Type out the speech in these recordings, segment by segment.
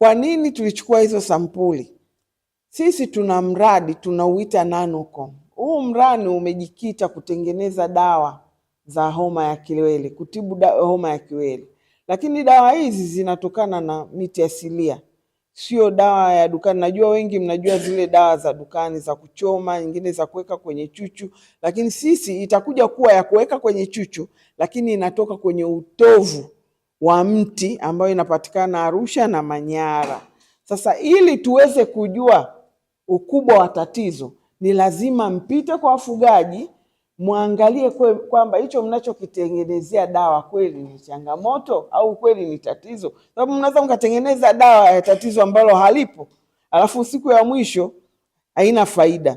Kwa nini tulichukua hizo sampuli? Sisi tuna mradi tunauita Nanocom. Huu mradi umejikita kutengeneza dawa za homa ya kiwele, kutibu homa ya kiwele, lakini dawa hizi zinatokana na miti asilia, sio dawa ya dukani. Najua wengi mnajua zile dawa za dukani za kuchoma, nyingine za kuweka kwenye chuchu, lakini sisi itakuja kuwa ya kuweka kwenye chuchu, lakini inatoka kwenye utovu wa mti ambayo inapatikana Arusha na Manyara. Sasa ili tuweze kujua ukubwa wa tatizo, ni lazima mpite kwa wafugaji, mwangalie kwamba hicho mnachokitengenezea dawa kweli ni changamoto au kweli ni tatizo, sababu mnaweza mkatengeneza dawa ya tatizo ambalo halipo, alafu siku ya mwisho haina faida.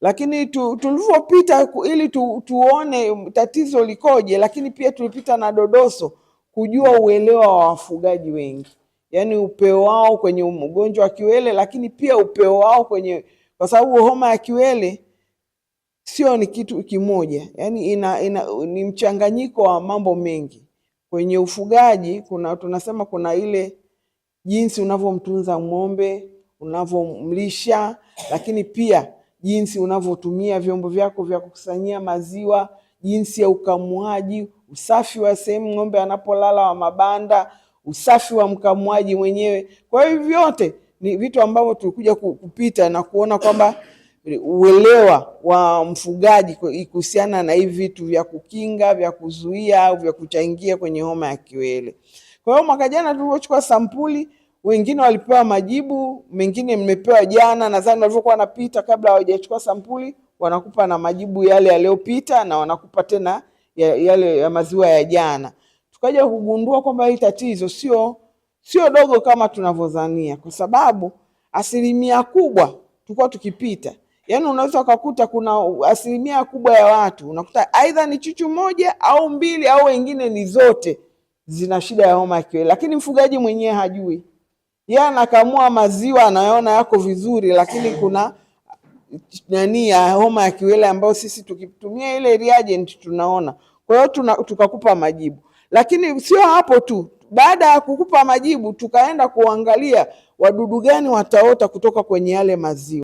Lakini tu, tulivyopita ili tu, tuone tatizo likoje, lakini pia tulipita na dodoso kujua uelewa wa wafugaji wengi, yaani upeo wao kwenye mgonjwa wa kiwele, lakini pia upeo wao kwenye, kwa sababu homa ya kiwele sio ni kitu kimoja, yaani ina, ina, ni mchanganyiko wa mambo mengi. Kwenye ufugaji kuna tunasema kuna ile jinsi unavyomtunza ng'ombe, unavyomlisha, lakini pia jinsi unavyotumia vyombo vyako vya kukusanyia maziwa, jinsi ya ukamuaji usafi wa sehemu ng'ombe anapolala wa mabanda, usafi wa mkamuaji mwenyewe. Kwa hiyo vyote ni vitu ambavyo tulikuja kupita na kuona kwamba uelewa wa mfugaji kuhusiana na hivi vitu vya kukinga, vya kuzuia au vya kuchangia kwenye homa ya kiwele. Kwa hiyo mwaka jana tulivyochukua sampuli, wengine walipewa majibu, mengine mmepewa jana. Nadhani walivyokuwa wanapita kabla hawajachukua sampuli, wanakupa na majibu yale yaliyopita na wanakupa tena ya, yale ya maziwa ya jana, tukaja kugundua kwamba hii tatizo sio sio dogo kama tunavyodhania, kwa sababu asilimia kubwa tulikuwa tukipita, yani unaweza ukakuta kuna asilimia kubwa ya watu unakuta aidha ni chuchu moja au mbili au wengine ni zote zina shida ya homa ya kiwele, lakini mfugaji mwenyewe hajui. Yeye anakamua maziwa anayoona yako vizuri, lakini kuna nani ya homa ya kiwele ambayo sisi tukitumia ile reagent tunaona. Kwa hiyo tuna, tukakupa majibu, lakini sio hapo tu. Baada ya kukupa majibu, tukaenda kuangalia wadudu gani wataota kutoka kwenye yale maziwa.